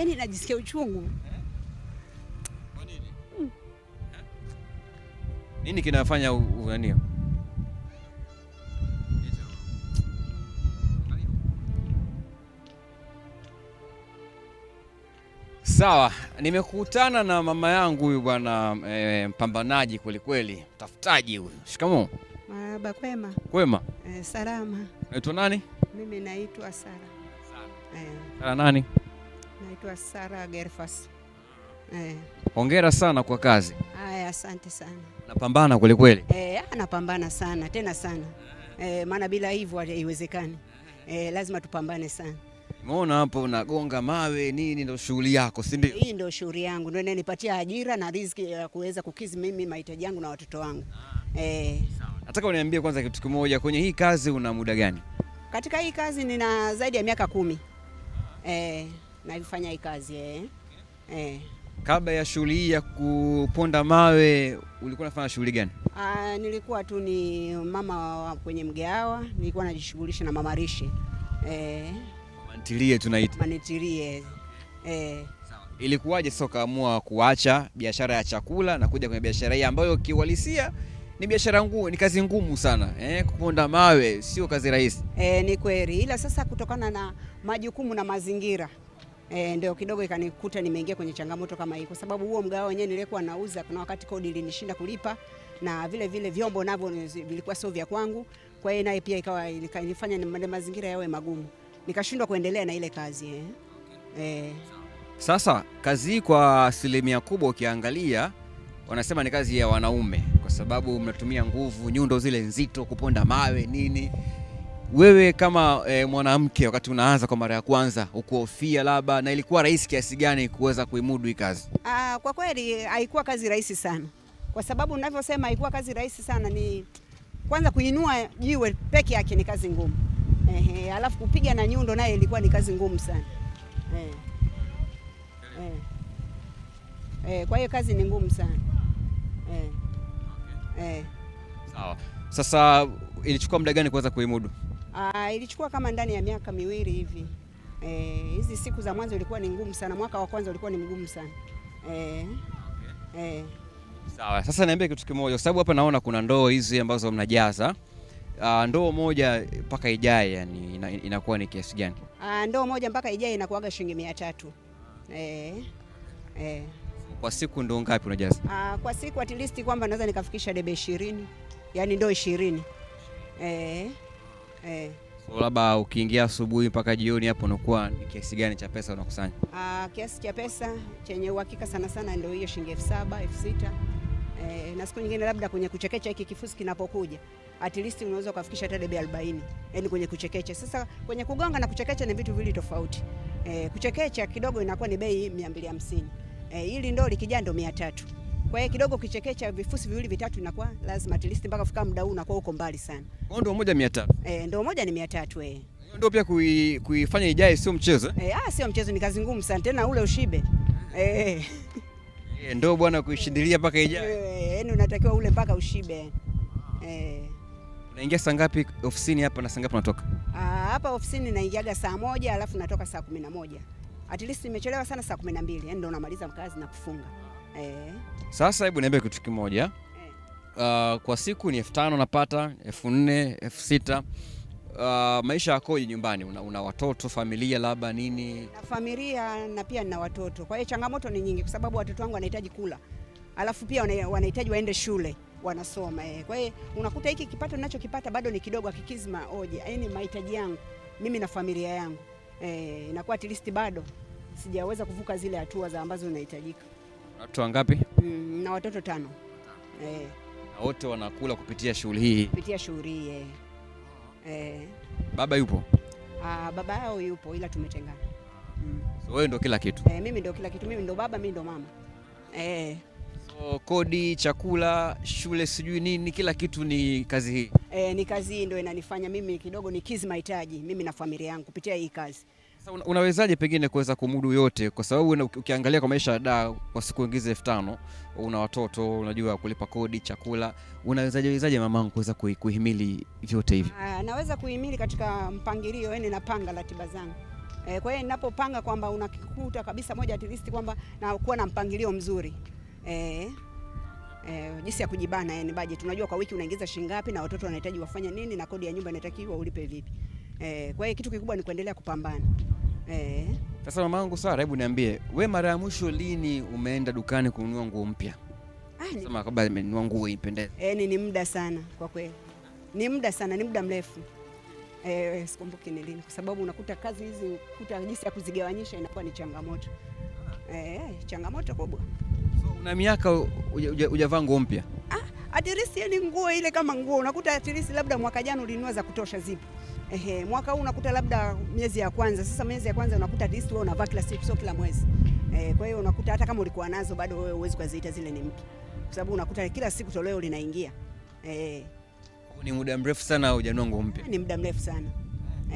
yani najisikia uchungu eh? Kwa nini? Hmm. Nini kinafanya unania? Sawa, nimekutana na mama yangu huyu bwana e, mpambanaji kwelikweli, mtafutaji huyu. Shikamoo. Baba, kwema. Kwema. E, salama. Naitwa nani? Mimi naitwa Sara. Sara. E. Sara nani? naitwa Sara Gerfas. Eh. Hongera sana kwa kazi. Haya, asante sana. Napambana kweli kweli. Eh, anapambana ah, sana tena sana eh, maana bila hivyo haiwezekani. Eh, lazima tupambane sana. Umeona hapo unagonga mawe nini, ndio shughuli yako, si ndio? Hii ndio shughuli yangu, ndio inanipatia ajira na riziki ya kuweza kukizi mimi mahitaji yangu na watoto wangu. Ah, eh. Sawa. Nataka uniambie kwanza kitu kimoja, kwenye hii kazi una muda gani? Katika hii kazi nina zaidi ya miaka kumi. Eh naifanya hii kazi eh. Eh. Kabla ya shughuli hii ya kuponda mawe ulikuwa unafanya shughuli gani? Ah, nilikuwa tu ni mama wa kwenye mgahawa, nilikuwa najishughulisha na mamarishi eh. Mantilie tunaita. Manitilie. Eh. Sawa. Ilikuwaje sasa ukaamua kuacha biashara ya chakula na kuja kwenye biashara hii ambayo kiuhalisia ni biashara ngumu, ni kazi ngumu sana eh, kuponda mawe sio kazi rahisi. Eh, ni kweli, ila sasa kutokana na majukumu na mazingira E, ndio kidogo ikanikuta nimeingia kwenye changamoto kama hii, kwa sababu huo mgahawa wenyewe nilikuwa nauza, kuna wakati kodi ilinishinda kulipa na vile vile vyombo navyo vilikuwa sio vya kwangu, kwa hiyo naye pia ikawa ilifanya mazingira yawe magumu, nikashindwa kuendelea na ile kazi eh. Eh. Sasa kazi hii kwa asilimia kubwa ukiangalia, wanasema ni kazi ya wanaume, kwa sababu mnatumia nguvu, nyundo zile nzito, kuponda mawe nini wewe kama e, mwanamke wakati unaanza kwa mara ya kwanza ukuhofia labda, na ilikuwa rahisi kiasi gani kuweza kuimudu hii kazi? Aa, ah, kwa kweli haikuwa kazi rahisi sana, kwa sababu ninavyosema haikuwa kazi rahisi sana ni kwanza kuinua jiwe peke yake ni kazi ngumu ehe, alafu kupiga na nyundo naye ilikuwa ni kazi ngumu sana ehe. Ehe. Eh, kwa hiyo kazi ni ngumu sana ehe. Ehe. Sawa. Sasa ilichukua muda gani kuweza kuimudu? Aa, ah, ilichukua kama ndani ya miaka miwili hivi. Eh, Hizi siku za mwanzo ilikuwa ni ngumu sana, mwaka wa kwanza ulikuwa ni mgumu sana Eh. okay. Eh. Sawa, sasa niambie kitu kimoja, kwa sababu hapa naona kuna ndoo hizi ambazo mnajaza Uh, ndoo moja mpaka ijae yani inakuwa ni kiasi gani? Uh, ndoo moja mpaka ijae inakuwaga shilingi mia tatu eh, eh. Kwa siku ndoo ngapi unajaza? Uh, kwa siku at least kwamba naweza nikafikisha debe 20. yaani ndoo 20. eh eh. So labda ukiingia asubuhi mpaka jioni hapo unakuwa ni kiasi gani cha pesa unakusanya? Ah, kiasi cha pesa chenye uhakika sana sana ndio hiyo shilingi elfu saba elfu sita eh, na siku nyingine labda kwenye kuchekecha hiki kifusi kinapokuja at least unaweza kufikisha hata debe 40 yani kwenye kuchekecha. Sasa kwenye kugonga na kuchekecha ni vitu viwili tofauti. Eh, kuchekecha kidogo inakuwa ni bei 250. Eh, hili ndo likijaa ndo 300. Kwa hiyo kidogo kichekecha vifusi viwili vitatu inakuwa lazima at least mpaka kufika muda huu unakuwa uko mbali sana. Kwa ndoo moja 300. Eh, ndoo moja ni 300 eh. Ndio pia kui, kuifanya ijae sio mchezo. Eh, ah sio mchezo ni kazi ngumu sana tena ule ushibe. Eh. Eh, ndoo bwana kuishindilia mpaka ijae. Eh, yani unatakiwa ule mpaka ushibe. Eh. Unaingia saa ngapi ofisini hapa na saa ngapi unatoka? Ah, hapa ofisini naingiaga saa moja alafu natoka saa 11. At least nimechelewa sana saa 12. na Yaani ndio namaliza kazi na kufunga. E. Sasa hebu niambie kitu kimoja e. Uh, kwa siku ni elfu tano napata elfu nne elfu sita Uh, maisha yakoje nyumbani? Una, una watoto familia, labda nini? Na familia na pia na watoto, kwa hiyo changamoto ni nyingi, kwa sababu watoto wangu wanahitaji kula, alafu pia wanahitaji waende shule wanasoma eh. Kwa hiyo unakuta hiki kipato ninachokipata bado ni kidogo, akikizima oje, yaani mahitaji yangu mimi na familia yangu eh, inakuwa at least bado sijaweza kuvuka zile hatua za ambazo zinahitajika. Watoto wangapi? Mm, na watoto tano. Eh. Na wote wanakula kupitia shughuli hii. Kupitia shughuli hii eh. Eh. Baba yupo? Ah, baba yao yupo ila tumetengana. Mm. So wewe ndo kila kitu? Eh, mimi ndio kila kitu. Mimi ndo baba, mimi ndo mama. Eh. So kodi, chakula, shule, sijui nini, kila kitu ni kazi hii. Eh, ni kazi hii ndo inanifanya mimi kidogo nikizi mahitaji mimi na familia yangu kupitia hii kazi. Sasa unawezaje pengine kuweza kumudu yote, kwa sababu ukiangalia kwa maisha ya da, kwa siku ingiza elfu tano una watoto, unajua kulipa kodi, chakula, unawezaje wezaje mamangu kuweza kuhimili vyote hivi? Uh, naweza kuhimili katika mpangilio, yani napanga ratiba zangu e, kwa hiyo ninapopanga kwamba unakikuta kabisa moja at least kwamba na kuwa na mpangilio mzuri e, Eh, jinsi ya kujibana yani budget. Unajua kwa wiki unaingiza shilingi ngapi na watoto wanahitaji wafanye nini na kodi ya nyumba inatakiwa ulipe vipi. Eh, kwa hiyo kitu kikubwa ni kuendelea kupambana. Eh. Sasa mamangu Sara, hebu niambie, we mara ya mwisho lini umeenda dukani kununua nguo mpya? Ah, sema kabla nimenunua nguo ipendeze. Eh, ni muda sana kwa kweli. Ni muda sana, ni muda mrefu. Eh, eh sikumbuki ni lini kwa sababu unakuta kazi hizi kuta jinsi ya kuzigawanyisha inakuwa ni changamoto. Eh, eh changamoto kubwa. So una miaka hujavaa nguo mpya? Ah, at least ni nguo ile kama nguo unakuta at least labda mwaka jana ulinunua za kutosha zipo. Ehe, mwaka huu unakuta labda miezi ya kwanza. Sasa miezi ya kwanza unakuta at least wewe unavaa kila siku, sio kila mwezi. Eh, kwa hiyo unakuta hata kama ulikuwa nazo bado wewe huwezi kuziita zile ni mpya, kwa sababu unakuta kila siku toleo linaingia. Eh, ni muda mrefu sana hujanua nguo mpya, ni muda mrefu sana.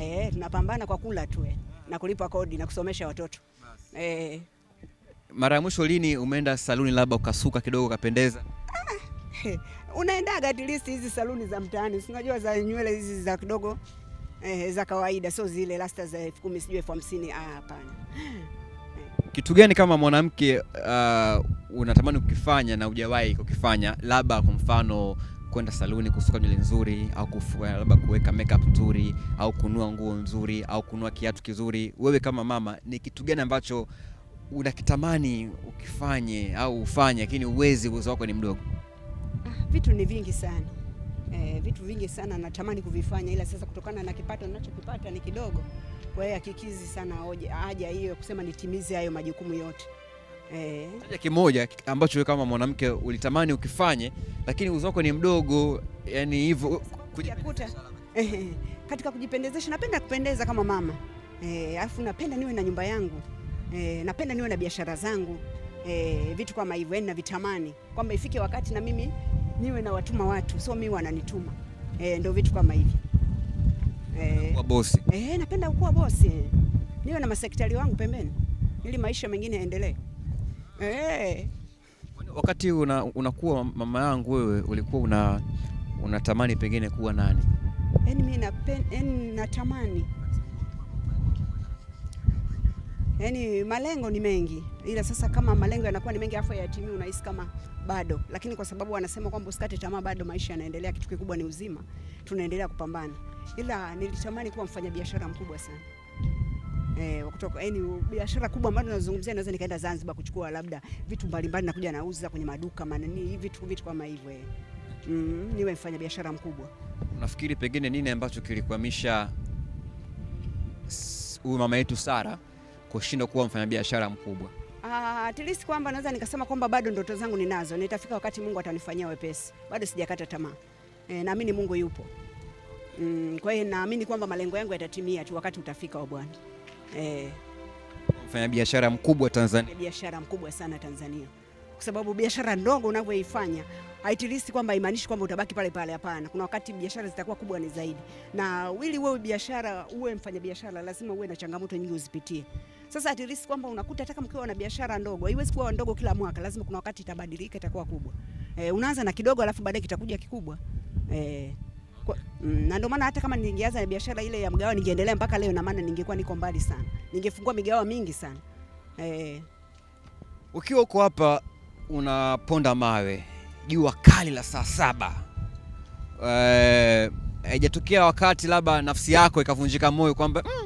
Eh, tunapambana kwa kula tu eh, na kulipa kodi na kusomesha watoto eh. Mara ya mwisho lini umeenda saluni labda ukasuka kidogo ukapendeza? Ah, unaendaga at least hizi saluni za mtaani, si unajua za nywele hizi za kidogo eh, za kawaida, sio zile lasta za elfu kumi sijui elfu hamsini ah, hapana. Kitu gani kama mwanamke uh, unatamani kukifanya na hujawahi kukifanya, labda kwa mfano kwenda saluni kusuka nywele nzuri au eh, labda kuweka makeup nzuri au kunua nguo nzuri au kunua kiatu kizuri. Wewe kama mama, ni kitu gani ambacho unakitamani ukifanye au ufanye, lakini uwezi, uwezo wako ni mdogo? Ah, vitu ni vingi sana eh, vitu vingi sana natamani kuvifanya, ila sasa kutokana na kipato ninachokipata ni kidogo, kwa hiyo akikizi sana oje, haja hiyo kusema nitimize hayo majukumu yote. Eh, kimoja ambacho wewe kama mwanamke ulitamani ukifanye, lakini uwezo wako ni mdogo, yani hivyo kujikuta katika kujipendezesha. Napenda kupendeza kama mama eh, alafu napenda niwe na nyumba yangu eh, napenda niwe na biashara zangu eh, vitu kama hivyo, yani navitamani kwamba ifike wakati na mimi niwe na watuma watu, so mi wananituma e, ndio vitu kama hivyo e, bosi e, napenda kuwa bosi, niwe na masekretari wangu pembeni ili maisha mengine yaendelee e. Wakati una, unakuwa mama yangu, wewe ulikuwa una unatamani pengine kuwa nani? Yaani mimi yaani natamani Yaani malengo ni mengi, ila sasa kama malengo yanakuwa ni mengi afu yatimii, unahisi kama bado, lakini kwa sababu wanasema kwamba usikate tamaa, bado maisha yanaendelea. Kitu kikubwa ni uzima, tunaendelea kupambana, ila nilitamani kuwa mfanyabiashara mkubwa sana Eh, kutoka yani biashara kubwa ambayo tunazungumzia naweza nikaenda Zanzibar kuchukua labda vitu mbalimbali na kuja nauza kwenye maduka manani hivi vitu, vitu kama hivyo eh. Mm, niwe mfanya biashara mkubwa. Unafikiri pengine nini ambacho kilikwamisha huyu mama yetu Sara kushindwa kuwa mfanyabiashara mkubwa? Ah, at least kwamba naweza nikasema kwamba bado ndoto zangu ninazo, nitafika wakati Mungu atanifanyia wepesi, bado sijakata tamaa. E, naamini Mungu yupo. Mm, kwa hiyo naamini kwamba malengo yangu yatatimia tu, wakati utafika wa oh Bwana. Eh, mfanyabiashara mkubwa Tanzania, biashara mkubwa sana Tanzania, kwa sababu biashara ndogo unavyoifanya haitirisi kwamba imaanishi kwamba utabaki pale pale. Hapana, kuna wakati biashara zitakuwa kubwa ni zaidi, na ili wewe biashara uwe mfanyabiashara, lazima uwe na changamoto nyingi uzipitie. Sasa at least kwamba unakuta hata kama ukiwa na biashara ndogo, haiwezi kuwa ndogo kila mwaka, lazima kuna wakati itabadilika itakuwa kubwa. E, unaanza na kidogo alafu baadaye kitakuja kikubwa. Eh, kwa, mm, na ndio maana hata kama ningeanza na biashara ile ya mgawa ningeendelea mpaka leo na maana ningekuwa niko mbali sana. Ningefungua migawa mingi sana. Eh. Ukiwa uko hapa unaponda mawe jua kali la saa saba eh, haijatokea e, wakati labda nafsi yako ikavunjika moyo kwamba mm,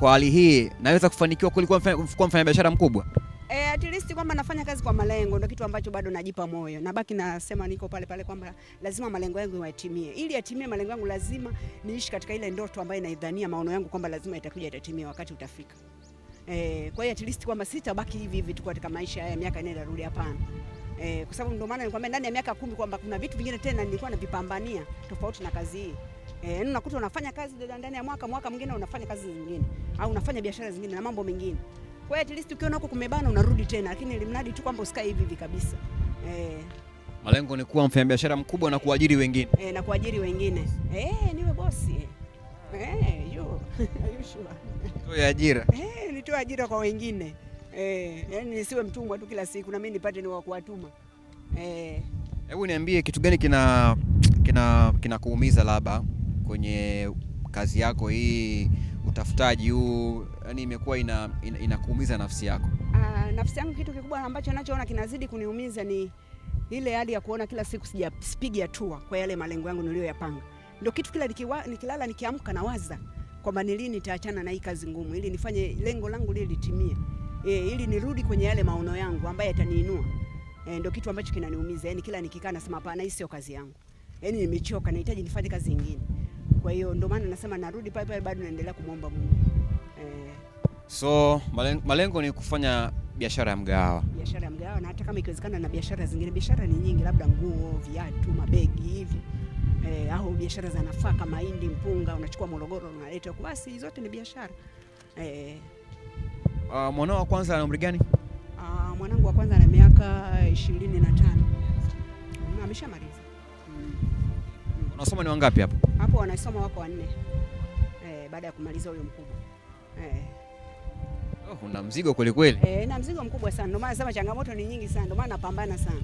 kwa hali hii naweza kufanikiwa kuliko kuwa mfanyabiashara mkubwa? E, at least kwamba nafanya kazi kwa malengo ndio kitu ambacho bado najipa moyo. Nabaki nasema niko pale pale kwamba lazima malengo yangu yatimie. Ili yatimie malengo yangu lazima niishi katika ile ndoto ambayo naidhania maono yangu kwamba lazima itakuja itatimia wakati utafika. E, kwa hiyo at least kwamba sitabaki hivi hivi tu katika maisha haya miaka inaenda rudi hapana. E, kwa sababu ndio maana nilikwambia ndani ya miaka kumi kwamba kuna vitu vingine tena nilikuwa navipambania tofauti na kazi hii. Eh, yaani unakuta unafanya kazi dada ndani ya mwaka, mwaka mwingine unafanya kazi zingine au unafanya biashara zingine na mambo mengine. Kwa hiyo at least ukiona huko kumebana unarudi tena, lakini ilimradi tu kwamba usikae hivi hivi kabisa. Eh. Malengo ni kuwa mfanyabiashara mkubwa na kuajiri wengine. Eh, na kuajiri wengine. Eh, niwe bosi. Eh, yo. Are you Sure. Toe ajira. Eh, nitoe ajira kwa wengine. Eh, yani nisiwe mtumwa tu kila siku na mimi nipate ni wa kuwatuma. Eh. Hebu niambie kitu gani kina kina kinakuumiza labda kwenye kazi yako hii, utafutaji huu, yani imekuwa ina, ina, inakuumiza nafsi yako? Aa, ah, nafsi yangu kitu kikubwa ambacho nachoona kinazidi kuniumiza ni ile hali ya kuona kila siku sijapiga hatua kwa yale malengo yangu niliyoyapanga. Ndio kitu kila nikiwa, nikilala nikiamka nawaza kwamba ni lini nitaachana na hii kazi ngumu ili nifanye lengo langu lile litimie, e, ili nirudi kwenye yale maono yangu ambayo yataniinua. E, ndio kitu ambacho kinaniumiza. Yaani kila nikikaa nasema hapana, hii sio kazi yangu. Yaani nimechoka, nahitaji nifanye kazi nyingine. Kwa hiyo ndio maana nasema narudi pale pale, bado naendelea kumwomba Mungu eh. So malengo ni kufanya biashara ya mgahawa, biashara ya mgahawa na hata kama ikiwezekana na biashara zingine. Biashara ni nyingi, labda nguo, viatu, mabegi hivi eh, au biashara za nafaka, mahindi, mpunga, unachukua Morogoro unaleta. Basi zote ni biashara eh. Uh, mwanao wa kwanza ana umri gani? Uh, mwanangu wa kwanza ana miaka ishirini na tano ameshamaliza. Unasoma ni wangapi hapo? hapo wanasoma wako wanne eh, baada ya kumaliza huyo mkubwa eh. Oh, una mzigo kweli kweli eh, na mzigo mkubwa sana. Ndio maana nasema changamoto ni nyingi sana, ndio maana napambana sana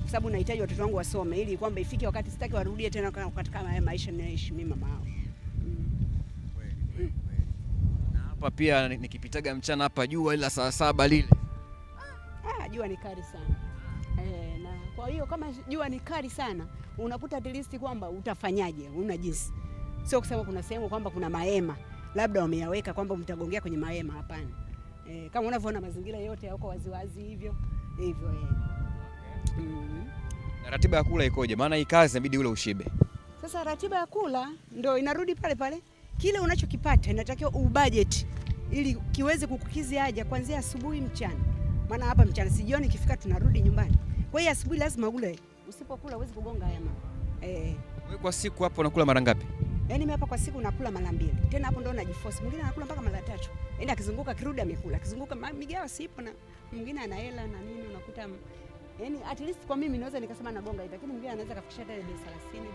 kwa sababu nahitaji watoto wangu wasome ili kwamba ifike wakati sitaki warudie tena katika haya maisha ninayoishi mimi mama yao. Na hapa pia nikipitaga mchana hapa jua ila saa saba lile. Ah, jua ni kali sana. Kwa hiyo kama jua ni kali sana, unakuta at least kwamba utafanyaje, una jinsi. Sio kusema kuna sehemu kwamba kuna mahema labda wameyaweka kwamba mtagongea kwenye mahema, hapana. E, kama unavyoona mazingira yote yako waziwazi hivyo hivyo e. Mm. ratiba ya kula ikoje? Maana hii kazi inabidi ule ushibe. Sasa ratiba ya kula ndio inarudi pale pale, kile unachokipata inatakiwa ubudget ili kiweze kukukizi haja kuanzia asubuhi, mchana. Maana hapa mchana sijioni, ikifika tunarudi nyumbani. Kwa hiyo asubuhi lazima ule, usipokula huwezi kugonga haya Eh. Wewe kwa siku hapo unakula mara ngapi? Yaani mimi hapa kwa siku nakula mara mbili. Tena hapo ndo najiforce. Mwingine anakula mpaka mara tatu. Yaani akizunguka kirudi amekula. Akizunguka migao sipo na mwingine ana hela na nini unakuta Yaani at least kwa mimi naweza nikasema nagonga hivi lakini mwingine anaweza kafikisha hata debe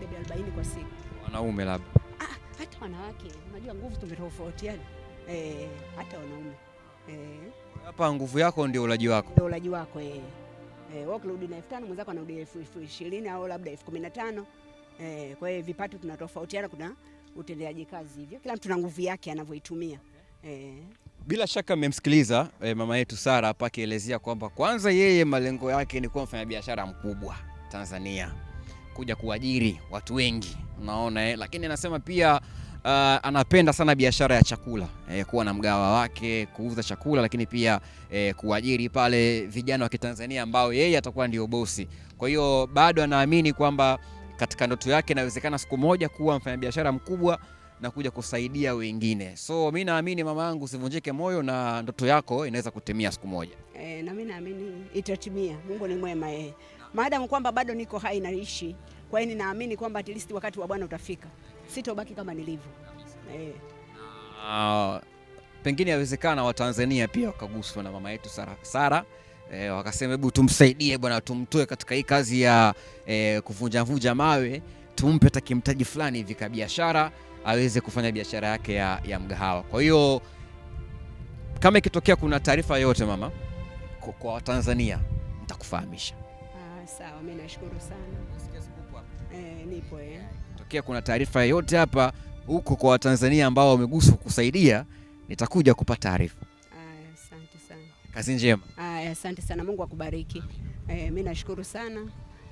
30, debe 40 kwa siku. Wanaume labda. Ah, ah, hata wanawake. Unajua nguvu tumetofautiana. Eh, hata wanaume. Eh. Hapa nguvu yako ndio ulaji wako. Ndio ulaji wako eh eh, wewe ukirudi na elfu tano mwenzako anarudi elfu ishirini au labda elfu kumi na tano eh, kwa hiyo vipato tunatofautiana, kuna utendaji kazi hivyo, kila mtu na nguvu yake anavyoitumia eh. Bila shaka mmemsikiliza eh, mama yetu Sara hapa akielezea kwamba kwanza yeye malengo yake ni kuwa mfanyabiashara mkubwa Tanzania, kuja kuajiri watu wengi, unaona eh, lakini anasema pia uh, anapenda sana biashara ya chakula eh, kuwa na mgawa wake kuuza chakula, lakini pia eh, kuajiri pale vijana wa Kitanzania ambao yeye atakuwa ndio bosi. Kwa hiyo bado anaamini kwamba katika ndoto yake inawezekana siku moja kuwa mfanyabiashara mkubwa na kuja kusaidia wengine. So mi naamini mama yangu, usivunjike moyo na ndoto yako inaweza kutimia siku moja. E, na mi naamini itatimia. Mungu ni mwema yeye, maadamu kwamba bado niko hai naishi. Kwa hiyo ninaamini kwamba at least wakati wa Bwana utafika sitobaki kama nilivyo eh. Uh, pengine yawezekana Watanzania pia wakaguswa na mama yetu Sara, Sara eh, wakasema hebu tumsaidie bwana, tumtoe katika hii kazi ya eh, kuvunjavunja mawe, tumpe hata kimtaji fulani hivi biashara aweze kufanya biashara yake ya, ya mgahawa. Kwa hiyo kama ikitokea kuna taarifa yoyote mama, kwa Watanzania nitakufahamisha. Ah, sawa, mimi nashukuru sana. Eh, nipo eh ikitokea kuna taarifa yoyote hapa huko kwa Watanzania ambao wameguswa kusaidia, nitakuja kupa taarifa. Asante sana, kazi njema. Asante sana, Mungu akubariki. E, mi nashukuru sana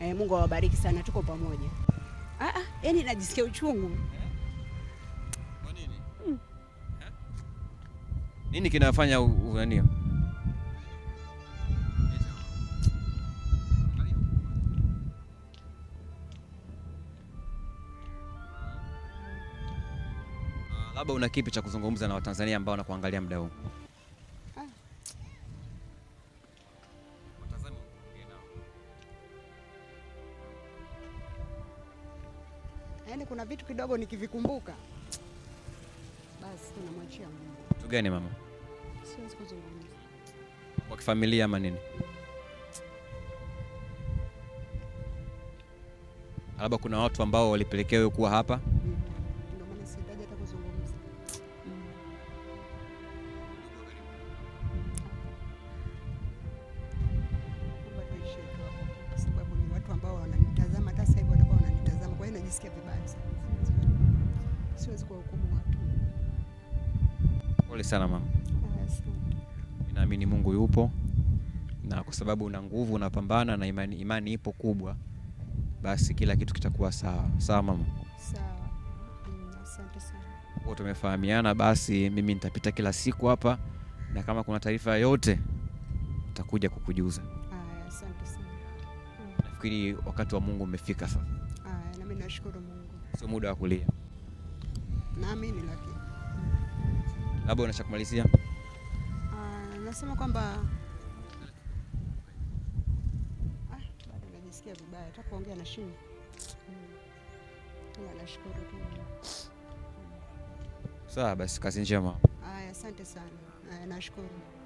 e, Mungu awabariki sana, tuko pamoja. Ah, ah, yani najisikia uchungu hmm. Nini kinafanya nani labda una kipi cha kuzungumza na Watanzania ambao wanakuangalia muda huu? Yaani kuna vitu kidogo nikivikumbuka basi tunamwachia Mungu. Kitu gani mama? Siwezi kuzungumza. Kwa kifamilia ama nini? Labda kuna watu ambao walipelekewa kuwa hapa najisikia vibaya sana, siwezi kuwahukumu watu. Pole sana mama, naamini Mungu yupo na kwa sababu una nguvu unapambana na imani, imani ipo kubwa, basi kila kitu kitakuwa sawa sawa mama. Sawa, mm, tumefahamiana, basi mimi nitapita kila siku hapa na kama kuna taarifa yoyote nitakuja kukujuza. Nafikiri wakati wa Mungu umefika sasa nashukuru Mungu. Sio muda wa kulia. Naamini lakini. Labda unataka kumalizia? Ah, nasema kwamba ah, najisikia vibaya hata kuongea na shimi. Hmm. Nashukuru tu. Sawa basi, kazi njema. Aya, asante sana. Aya, nashukuru.